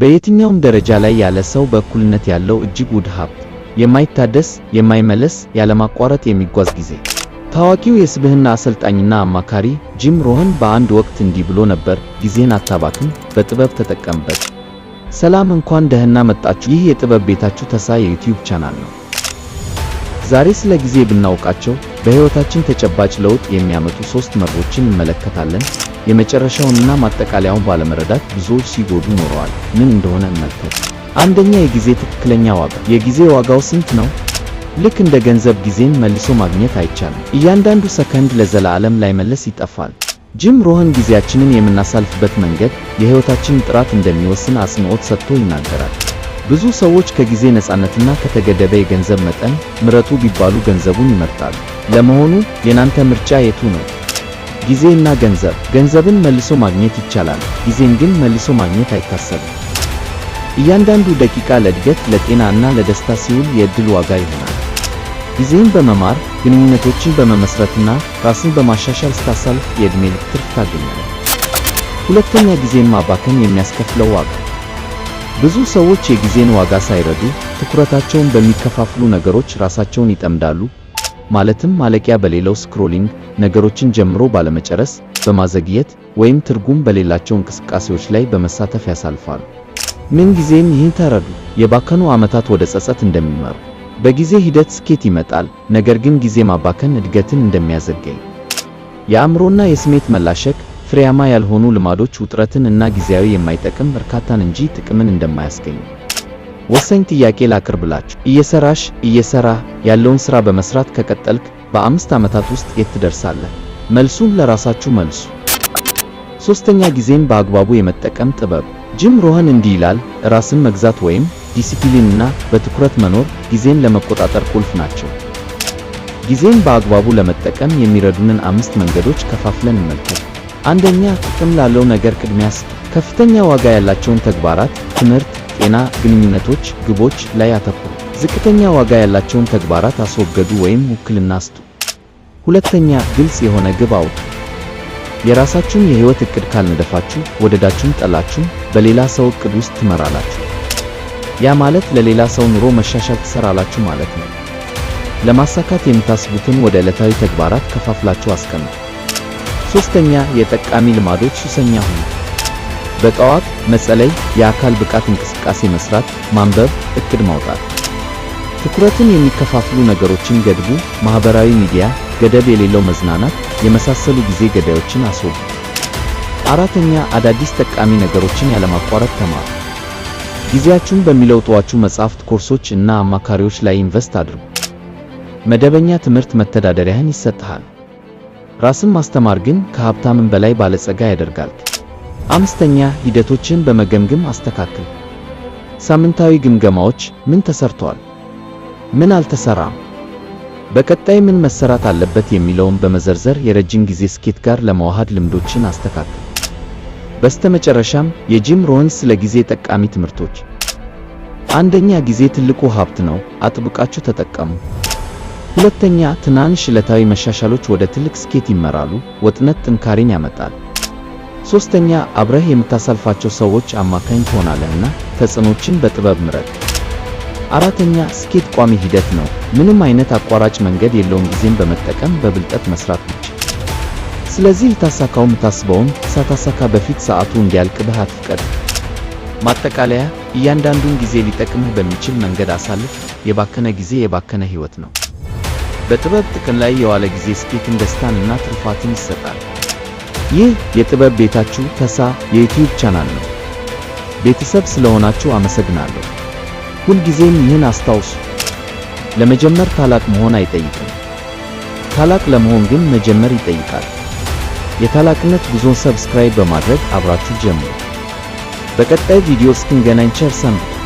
በየትኛውም ደረጃ ላይ ያለ ሰው በእኩልነት ያለው እጅግ ውድ ሀብት፣ የማይታደስ የማይመለስ ያለማቋረጥ የሚጓዝ ጊዜ። ታዋቂው የስብህና አሰልጣኝና አማካሪ ጂም ሮህን በአንድ ወቅት እንዲህ ብሎ ነበር፣ ጊዜን አታባክን፣ በጥበብ ተጠቀምበት። ሰላም እንኳን ደህና መጣችሁ። ይህ የጥበብ ቤታችሁ ተሳ የዩቲዩብ ቻናል ነው። ዛሬ ስለ ጊዜ ብናውቃቸው በሕይወታችን ተጨባጭ ለውጥ የሚያመጡ ሦስት መርሆችን እንመለከታለን። የመጨረሻውንና ማጠቃለያውን ባለመረዳት ብዙዎች ሲጎዱ ኖረዋል። ምን እንደሆነ እንመልከት። አንደኛ፣ የጊዜ ትክክለኛ ዋጋ። የጊዜ ዋጋው ስንት ነው? ልክ እንደ ገንዘብ ጊዜን መልሶ ማግኘት አይቻልም። እያንዳንዱ ሰከንድ ለዘላለም ላይመለስ ይጠፋል። ጅም ሮህን ጊዜያችንን የምናሳልፍበት መንገድ የሕይወታችንን ጥራት እንደሚወስን አጽንዖት ሰጥቶ ይናገራል። ብዙ ሰዎች ከጊዜ ነፃነትና ከተገደበ የገንዘብ መጠን ምረጡ ቢባሉ ገንዘቡን ይመርጣሉ። ለመሆኑ የናንተ ምርጫ የቱ ነው? ጊዜና ገንዘብ። ገንዘብን መልሶ ማግኘት ይቻላል፣ ጊዜን ግን መልሶ ማግኘት አይታሰብም። እያንዳንዱ ደቂቃ ለእድገት፣ ለጤና እና ለደስታ ሲውል የእድል ዋጋ ይሆናል። ጊዜን በመማር ግንኙነቶችን በመመስረትና ራስን በማሻሻል ስታሳልፍ የእድሜ ልክ ትርፍ ታገኛለህ። ሁለተኛ፣ ጊዜን ማባከን የሚያስከፍለው ዋጋ። ብዙ ሰዎች የጊዜን ዋጋ ሳይረዱ ትኩረታቸውን በሚከፋፍሉ ነገሮች ራሳቸውን ይጠምዳሉ። ማለትም ማለቂያ በሌለው ስክሮሊንግ ነገሮችን ጀምሮ ባለመጨረስ፣ በማዘግየት ወይም ትርጉም በሌላቸው እንቅስቃሴዎች ላይ በመሳተፍ ያሳልፋሉ። ምን ጊዜም ይህን ተረዱ፣ የባከኑ ዓመታት ወደ ጸጸት እንደሚመሩ። በጊዜ ሂደት ስኬት ይመጣል፣ ነገር ግን ጊዜ ማባከን እድገትን እንደሚያዘገይ። የአእምሮና የስሜት መላሸክ ፍሬያማ ያልሆኑ ልማዶች ውጥረትን እና ጊዜያዊ የማይጠቅም እርካታን እንጂ ጥቅምን እንደማያስገኙ ወሳኝ ጥያቄ ላቅርብላችሁ። እየሰራሽ እየሰራ ያለውን ስራ በመስራት ከቀጠልክ በአምስት ዓመታት ውስጥ የት ትደርሳለህ? መልሱን ለራሳችሁ መልሱ። ሶስተኛ ጊዜን በአግባቡ የመጠቀም ጥበብ። ጅም ሮሃን እንዲህ ይላል፣ ራስን መግዛት ወይም ዲሲፕሊንና በትኩረት መኖር ጊዜን ለመቆጣጠር ቁልፍ ናቸው። ጊዜን በአግባቡ ለመጠቀም የሚረዱንን አምስት መንገዶች ከፋፍለን እንመልከት። አንደኛ፣ ጥቅም ላለው ነገር ቅድሚያ ስጥ። ከፍተኛ ዋጋ ያላቸውን ተግባራት፣ ትምህርት ጤና፣ ግንኙነቶች ግቦች ላይ አተኩሩ። ዝቅተኛ ዋጋ ያላቸውን ተግባራት አስወገዱ ወይም ውክልና ስጡ። ሁለተኛ፣ ግልጽ የሆነ ግብ አውጡ። የራሳችሁን የህይወት እቅድ ካልነደፋችሁ ወደዳችሁም ጠላችሁም በሌላ ሰው እቅድ ውስጥ ትመራላችሁ። ያ ማለት ለሌላ ሰው ኑሮ መሻሻል ትሰራላችሁ ማለት ነው። ለማሳካት የምታስቡትን ወደ ዕለታዊ ተግባራት ከፋፍላችሁ አስቀምጡ። ሦስተኛ፣ የጠቃሚ ልማዶች ሱሰኛ ሁኑ። በጠዋት መጸለይ፣ የአካል ብቃት እንቅስቃሴ መስራት፣ ማንበብ፣ እቅድ ማውጣት። ትኩረትን የሚከፋፍሉ ነገሮችን ገድቡ፣ ማህበራዊ ሚዲያ፣ ገደብ የሌለው መዝናናት የመሳሰሉ ጊዜ ገዳዮችን አስወግዱ። አራተኛ አዳዲስ ጠቃሚ ነገሮችን ያለማቋረጥ ተማሩ። ጊዜያችሁን በሚለውጧችሁ መጻሕፍት፣ ኮርሶች እና አማካሪዎች ላይ ኢንቨስት አድርጉ። መደበኛ ትምህርት መተዳደሪያህን ይሰጥሃል። ራስን ማስተማር ግን ከሀብታምን በላይ ባለጸጋ ያደርጋል። አምስተኛ ሂደቶችን በመገምገም አስተካክል። ሳምንታዊ ግምገማዎች ምን ተሰርተዋል? ምን አልተሰራም? በቀጣይ ምን መሰራት አለበት የሚለውን በመዘርዘር የረጅም ጊዜ ስኬት ጋር ለመዋሃድ ልምዶችን አስተካክል። በስተመጨረሻም የጂም ሮንስ ስለ ጊዜ ጠቃሚ ትምህርቶች፣ አንደኛ ጊዜ ትልቁ ሀብት ነው፣ አጥብቃችሁ ተጠቀሙ። ሁለተኛ ትናንሽ ዕለታዊ መሻሻሎች ወደ ትልቅ ስኬት ይመራሉ፣ ወጥነት ጥንካሬን ያመጣል። ሶስተኛ አብረህ የምታሳልፋቸው ሰዎች አማካኝ ትሆናለህና ተጽዕኖችን በጥበብ ምረጥ። አራተኛ ስኬት ቋሚ ሂደት ነው፣ ምንም አይነት አቋራጭ መንገድ የለውም። ጊዜን በመጠቀም በብልጠት መስራት ብቻ። ስለዚህ ልታሳካው የምታስበውን ሳታሳካ በፊት ሰዓቱ እንዲያልቅብህ አትፍቀድ። ማጠቃለያ፣ እያንዳንዱን ጊዜ ሊጠቅምህ በሚችል መንገድ አሳልፍ። የባከነ ጊዜ የባከነ ሕይወት ነው። በጥበብ ጥቅም ላይ የዋለ ጊዜ ስኬትን፣ ደስታን ትርፋትን ይሰጣል። ይህ የጥበብ ቤታችሁ ተሳ የዩቲዩብ ቻናል ነው። ቤተሰብ ስለሆናችሁ አመሰግናለሁ። ሁልጊዜም ይህን አስታውሱ፣ ለመጀመር ታላቅ መሆን አይጠይቅም። ታላቅ ለመሆን ግን መጀመር ይጠይቃል። የታላቅነት ጉዞን ሰብስክራይብ በማድረግ አብራችሁ ጀምሩ። በቀጣይ ቪዲዮ እስክንገናኝ ቸር ሰንብቱ።